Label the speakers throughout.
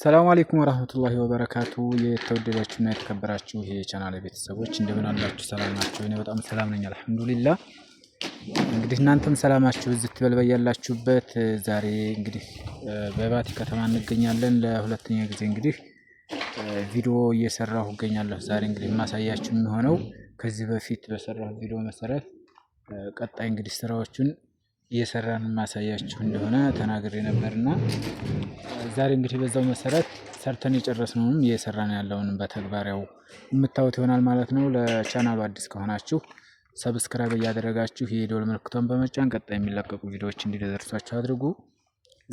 Speaker 1: ሰላም አለይኩም ወራህመቱላሂ ወበረካቱ። የተወደዳችሁና የተከበራችሁ የቻናል ቤተሰቦች እንደምን አላችሁ? ሰላም ናችሁ? እኔ በጣም ሰላም ነኝ አልሐምዱሊላ። እንግዲህ እናንተም ሰላማችሁ እዝት በልበይ ያላችሁበት። ዛሬ እንግዲህ በባቲ ከተማ እንገኛለን። ለሁለተኛ ጊዜ እንግዲህ ቪዲዮ እየሰራሁ እገኛለሁ። ዛሬ እንግዲህ የማሳያችሁ የሚሆነው ከዚህ በፊት በሰራሁ ቪዲዮ መሰረት ቀጣይ እንግዲህ ስራዎቹን እየሰራን ማሳያችሁ እንደሆነ ተናግሬ ነበርና ዛሬ እንግዲህ በዛው መሰረት ሰርተን የጨረስነውንም እየሰራን ያለውን በተግባር ያው የምታዩት ይሆናል ማለት ነው። ለቻናሉ አዲስ ከሆናችሁ ሰብስክራይብ እያደረጋችሁ የደወል ምልክቷን በመጫን ቀጣይ የሚለቀቁ ቪዲዮዎች እንዲደርሷችሁ አድርጉ።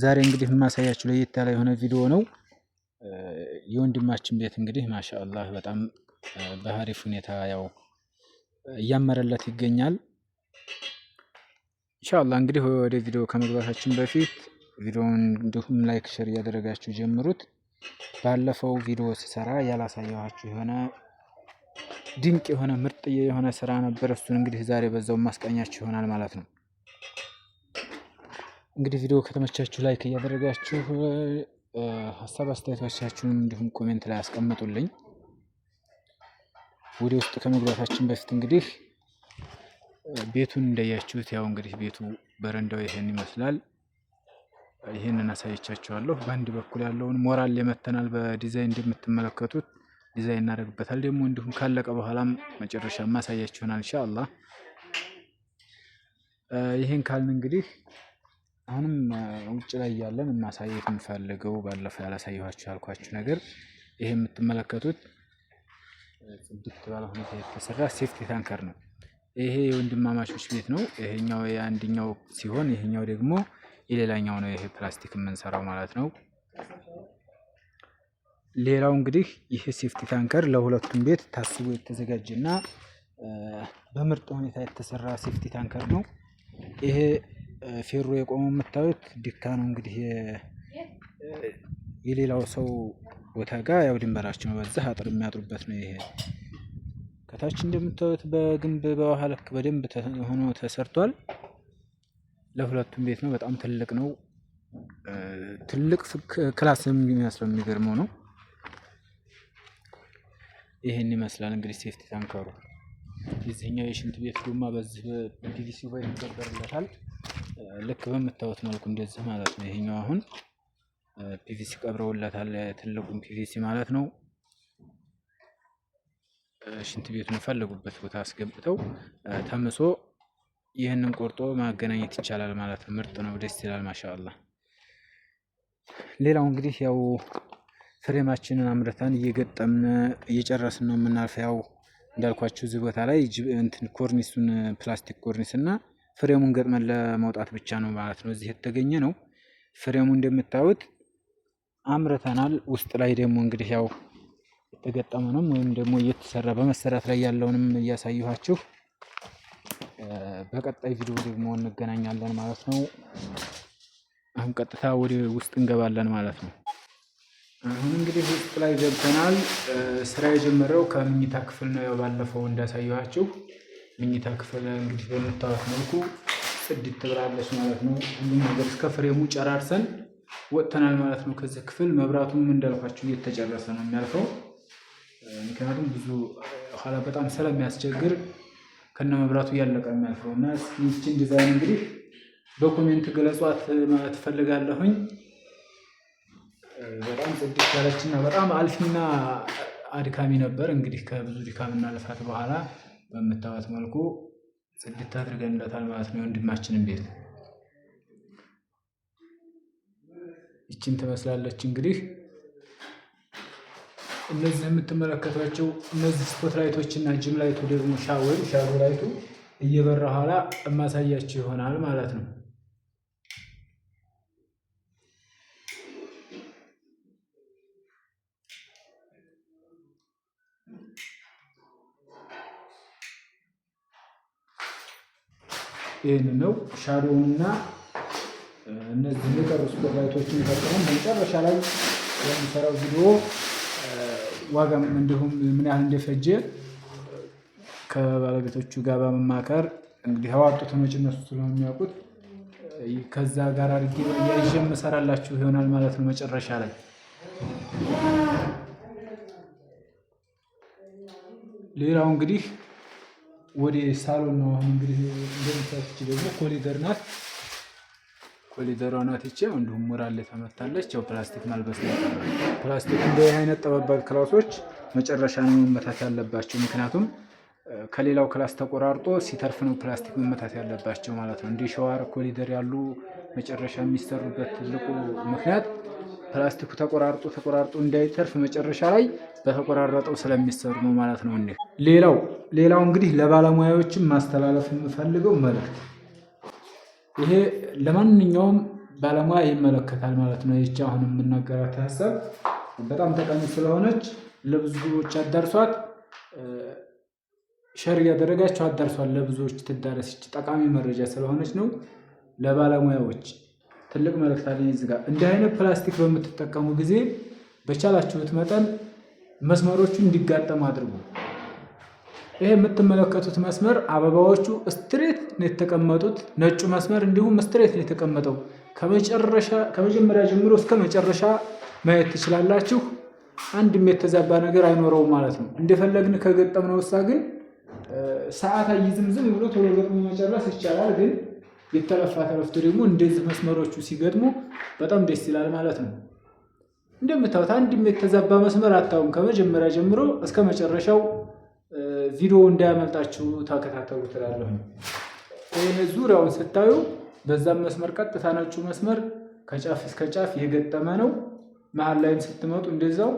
Speaker 1: ዛሬ እንግዲህ የማሳያችሁ ለየት ያለ የሆነ ቪዲዮ ነው። የወንድማችን ቤት እንግዲህ ማሻአላህ በጣም በሀሪፍ ሁኔታ ያው እያመረለት ይገኛል። ኢንሻአላህ እንግዲህ ወደ ቪዲዮ ከመግባታችን በፊት ቪዲዮውን እንዲሁም ላይክ ሸር እያደረጋችሁ ጀምሩት። ባለፈው ቪዲዮ ስሰራ ያላሳየኋችሁ የሆነ ድንቅ የሆነ ምርጥ የሆነ ስራ ነበር። እሱን እንግዲህ ዛሬ በዛው ማስቃኛችሁ ይሆናል ማለት ነው። እንግዲህ ቪዲዮ ከተመቻችሁ ላይክ እያደረጋችሁ ሀሳብ አስተያየቶቻችሁን እንዲሁም ኮሜንት ላይ አስቀምጡልኝ። ወደ ውስጥ ከመግባታችን በፊት እንግዲህ ቤቱን እንዳያችሁት ያው እንግዲህ ቤቱ በረንዳው ይሄን ይመስላል። ይህንን አሳይቻችኋለሁ። በአንድ በኩል ያለውን ሞራል የመተናል በዲዛይን እንደምትመለከቱት ዲዛይን እናደርግበታል። ደግሞ እንዲሁም ካለቀ በኋላም መጨረሻ ማሳያችሁናል ኢንሻአላህ። ይህን ካልን እንግዲህ አሁንም ውጭ ላይ ያለን ማሳየት የምፈልገው ባለፈው ያላሳየኋችሁ ያልኳችሁ ነገር ይሄ የምትመለከቱት ጽድት ባለ ሁኔታ የተሰራ ሴፍቲ ታንከር ነው። ይሄ የወንድማማቾች ቤት ነው። ይሄኛው የአንድኛው ሲሆን ይሄኛው ደግሞ የሌላኛው ነው። ይሄ ፕላስቲክ የምንሰራው ማለት ነው። ሌላው እንግዲህ ይሄ ሴፍቲ ታንከር ለሁለቱም ቤት ታስቦ የተዘጋጀ እና በምርጥ ሁኔታ የተሰራ ሴፍቲ ታንከር ነው። ይሄ ፌሮ የቆመው የምታዩት ድካ ነው እንግዲህ የሌላው ሰው ቦታ ጋር ያው ድንበራችን በዛ አጥር የሚያጥሩበት ነው ይሄ ከታች እንደምታዩት በግንብ በባህል ልክ በደንብ ሆኖ ተሰርቷል። ለሁለቱም ቤት ነው። በጣም ትልቅ ነው። ትልቅ ክላስ የሚመስለው የሚገርመው ነው። ይህን ይመስላል እንግዲህ ሴፍቲ ታንከሩ። የዚህኛው የሽንት ቤት ዶማ በዚህ በፒቪሲ ወይ ይገበርለታል። ልክ በምታዩት መልኩ እንደዚህ ማለት ነው። ይሄኛው አሁን ፒቪሲ ቀብረውለታል። ትልቁን ፒቪሲ ማለት ነው። ሽንት ቤቱን የፈለጉበት ቦታ አስገብተው ተምሶ ይህንን ቆርጦ ማገናኘት ይቻላል ማለት ነው። ምርጥ ነው፣ ደስ ይላል። ማሻአላ። ሌላው እንግዲህ ያው ፍሬማችንን አምርተን እየገጠምን እየጨረስን ነው የምናልፈው። ያው እንዳልኳችሁ እዚህ ቦታ ላይ እንትን ኮርኒሱን ፕላስቲክ ኮርኒስ እና ፍሬሙን ገጥመን ለመውጣት ብቻ ነው ማለት ነው እዚህ የተገኘ ነው። ፍሬሙ እንደምታዩት አምርተናል። ውስጥ ላይ ደግሞ እንግዲህ ያው የተገጠመንም ወይም ደግሞ እየተሰራ በመሰራት ላይ ያለውንም እያሳየኋችሁ በቀጣይ ቪዲዮ ደግሞ እንገናኛለን ማለት ነው። አሁን ቀጥታ ወደ ውስጥ እንገባለን ማለት ነው። አሁን እንግዲህ ውስጥ ላይ ገብተናል። ስራ የጀመረው ከምኝታ ክፍል ነው። ባለፈው እንዳሳየኋችሁ ምኝታ ክፍል እንግዲህ በምታዩት መልኩ ጽድት ትብላለች ማለት ነው። ሁሉም ነገር እስከ ፍሬሙ ጨራርሰን ወጥተናል ማለት ነው። ከዚህ ክፍል መብራቱም እንዳልኳችሁ እየተጨረሰ ነው የሚያልፈው። ምክንያቱም ብዙ ኋላ በጣም ስለሚያስቸግር ከነ መብራቱ እያለቀ የሚያልፈው እና ይችን ዲዛይን እንግዲህ በኮሜንት ገለጿት ትፈልጋለሁኝ በጣም በጣም ጽድት ያለችና በጣም አልፊና አድካሚ ነበር። እንግዲህ ከብዙ ድካምና ልፋት በኋላ በምታዩት መልኩ ጽድት አድርገንለታል ማለት ነው። ወንድማችንን ቤት ይችን ትመስላለች እንግዲህ እነዚህ የምትመለከቷቸው እነዚህ ስፖትላይቶች እና ጅም ላይቱ ደግሞ ሻወር ሻወር ላይቱ እየበራ ኋላ የማሳያቸው ይሆናል ማለት ነው። ይህን ነው ሻዶውንና እነዚህ የቀሩ ስፖትላይቶችን ተጠቅመን መጨረሻ ላይ የሚሰራው ቪዲዮ ዋጋ እንዲሁም ምን ያህል እንደፈጀ ከባለቤቶቹ ጋር በመማከር እንግዲህ ያዋጡትን ወጪ እነሱ ስለሆነ የሚያውቁት ከዛ ጋር አድርጌ ያይዤ የምሰራላችሁ ይሆናል ማለት ነው መጨረሻ ላይ። ሌላው እንግዲህ ወደ ሳሎን ነው። አሁን እንግዲህ እንደምታዩት ደግሞ ኮሊደር ናት። ኮሊደሯ ናት። ይቺ እንዲሁም ሙራል ላይ ተመታለች። ያው ፕላስቲክ መልበስ ነው። ፕላስቲክ እንዲህ አይነት ጠባብ ክላሶች መጨረሻ ነው መመታት ያለባቸው። ምክንያቱም ከሌላው ክላስ ተቆራርጦ ሲተርፍ ነው ፕላስቲክ መመታት ያለባቸው ማለት ነው። እንዲህ ሸዋር ኮሊደር ያሉ መጨረሻ የሚሰሩበት ትልቁ ምክንያት ፕላስቲኩ ተቆራርጦ ተቆራርጦ እንዳይተርፍ መጨረሻ ላይ በተቆራረጠው ስለሚሰሩ ነው ማለት ነው። ሌላው ሌላው እንግዲህ ለባለሙያዎችም ማስተላለፍ የምፈልገው መልእክት ይሄ ለማንኛውም ባለሙያ ይመለከታል ማለት ነው። ይቺ አሁን የምናገራት ሀሳብ በጣም ጠቃሚ ስለሆነች ለብዙዎች አዳርሷት፣ ሸር እያደረጋቸው አዳርሷል። ለብዙዎች ትዳረስ ጠቃሚ መረጃ ስለሆነች ነው። ለባለሙያዎች ትልቅ መልእክት አለኝ እዚህ ጋር። እንዲህ አይነት ፕላስቲክ በምትጠቀሙ ጊዜ በቻላችሁት መጠን መስመሮቹ እንዲጋጠም አድርጉ። ይህ የምትመለከቱት መስመር አበባዎቹ ስትሬት ነው የተቀመጡት። ነጩ መስመር እንዲሁም ስትሬት ነው የተቀመጠው። ከመጀመሪያ ጀምሮ እስከ መጨረሻ ማየት ትችላላችሁ። አንድም የተዛባ ነገር አይኖረውም ማለት ነው። እንደፈለግን ከገጠምነው ውሳ ግን ሰዓት አይዝም። ዝም ብሎ ቶሎ ገጥሞ መጨረስ ይቻላል። ግን የተለፋ ተለፍቶ ደግሞ እንደዚህ መስመሮቹ ሲገጥሙ በጣም ደስ ይላል ማለት ነው። እንደምታዩት አንድም የተዛባ መስመር አታውም። ከመጀመሪያ ጀምሮ እስከ መጨረሻው ቪዲዮ እንዳያመልጣችሁ ተከታተሉ ትላለሁ። ይህ ዙሪያውን ስታዩ በዛም መስመር ቀጥታ ነጩ መስመር ከጫፍ እስከ ጫፍ የገጠመ ነው። መሀል ላይም ስትመጡ እንደዛው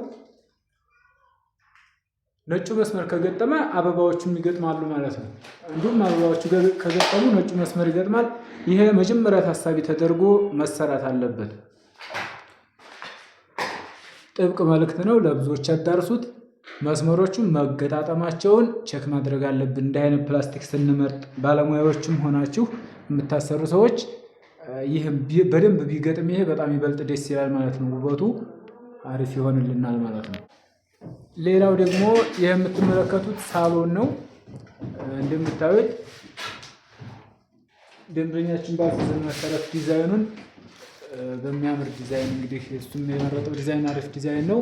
Speaker 1: ነጩ መስመር ከገጠመ አበባዎቹም ይገጥማሉ ማለት ነው። እንዲሁም አበባዎቹ ከገጠሙ ነጩ መስመር ይገጥማል። ይሄ መጀመሪያ ታሳቢ ተደርጎ መሰራት አለበት። ጥብቅ መልእክት ነው፣ ለብዙዎች ያዳርሱት። መስመሮቹን መገጣጠማቸውን ቸክ ማድረግ አለብን። እንዲህ አይነት ፕላስቲክ ስንመርጥ ባለሙያዎችም ሆናችሁ የምታሰሩ ሰዎች ይህም በደንብ ቢገጥም ይሄ በጣም ይበልጥ ደስ ይላል ማለት ነው። ውበቱ አሪፍ ይሆንልናል ማለት ነው። ሌላው ደግሞ ይህ የምትመለከቱት ሳሎን ነው። እንደምታዩት ደንበኛችን ባዘዘን መሰረት ዲዛይኑን በሚያምር ዲዛይን እንግዲህ እሱም የመረጠው ዲዛይን አሪፍ ዲዛይን ነው።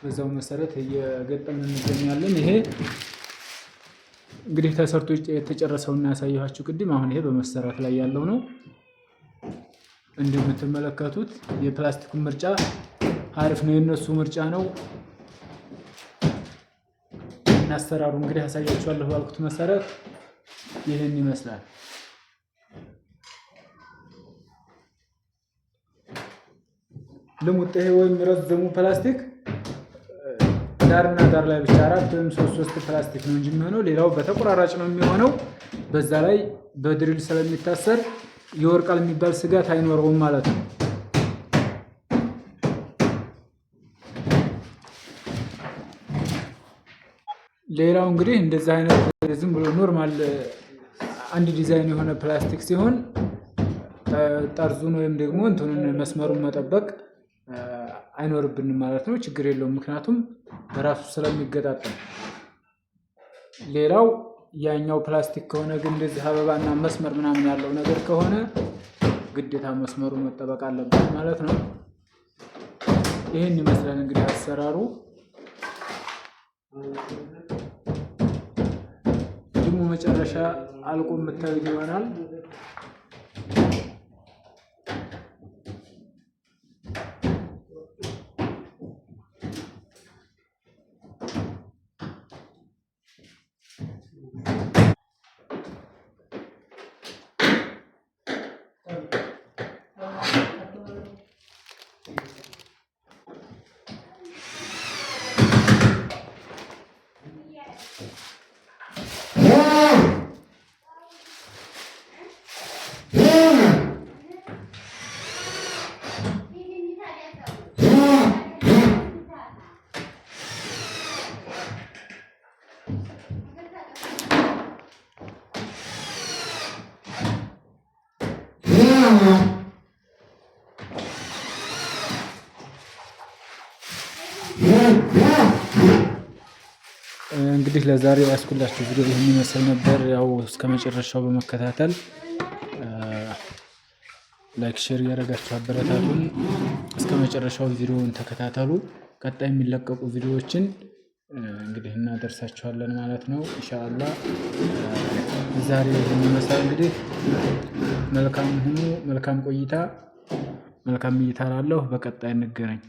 Speaker 1: በዛው መሰረት እየገጠምን እንገኛለን። ይሄ እንግዲህ ተሰርቶ የተጨረሰውና ያሳየኋችሁ ቅድም። አሁን ይሄ በመሰራት ላይ ያለው ነው። እንደምትመለከቱት የፕላስቲኩን ምርጫ አሪፍ ነው፣ የእነሱ ምርጫ ነው። እናሰራሩ እንግዲህ ያሳያችኋለሁ ባልኩት መሰረት ይህን ይመስላል። ልሙጥ ይሄ ወይም ረዘሙ ፕላስቲክ ዳርና ዳር ላይ ብቻ አራት ወይም ሶስት ሶስት ፕላስቲክ ነው እንጂ የሚሆነው ሌላው በተቆራራጭ ነው የሚሆነው። በዛ ላይ በድሪል ስለሚታሰር ይወርቃል የሚባል ስጋት አይኖረውም ማለት ነው። ሌላው እንግዲህ እንደዚህ አይነት ዝም ብሎ ኖርማል አንድ ዲዛይን የሆነ ፕላስቲክ ሲሆን ጠርዙን ወይም ደግሞ እንትኑን መስመሩን መጠበቅ አይኖርብንም ማለት ነው። ችግር የለውም፣ ምክንያቱም በራሱ ስለሚገጣጠም። ሌላው ያኛው ፕላስቲክ ከሆነ ግን እንደዚህ አበባና መስመር ምናምን ያለው ነገር ከሆነ ግዴታ መስመሩ መጠበቅ አለበት ማለት ነው። ይህን ይመስላል እንግዲህ አሰራሩ። ደግሞ መጨረሻ አልቆ የምታዩት ይሆናል። እንግዲህ ለዛሬ ያስኩላችሁ ቪዲዮ ይህን ይመስል ነበር። ያው እስከ መጨረሻው በመከታተል ላይክ፣ ሼር እያደረጋችሁ አበረታቱን። እስከ መጨረሻው ቪዲዮውን ተከታተሉ። ቀጣይ የሚለቀቁ ቪዲዮዎችን እንግዲህ እናደርሳችኋለን ማለት ነው። እንሻአላ ዛሬ ይህን ይመስላል። እንግዲህ መልካም ሁኑ፣ መልካም ቆይታ፣ መልካም እይታ ላለሁ። በቀጣይ እንገናኝ።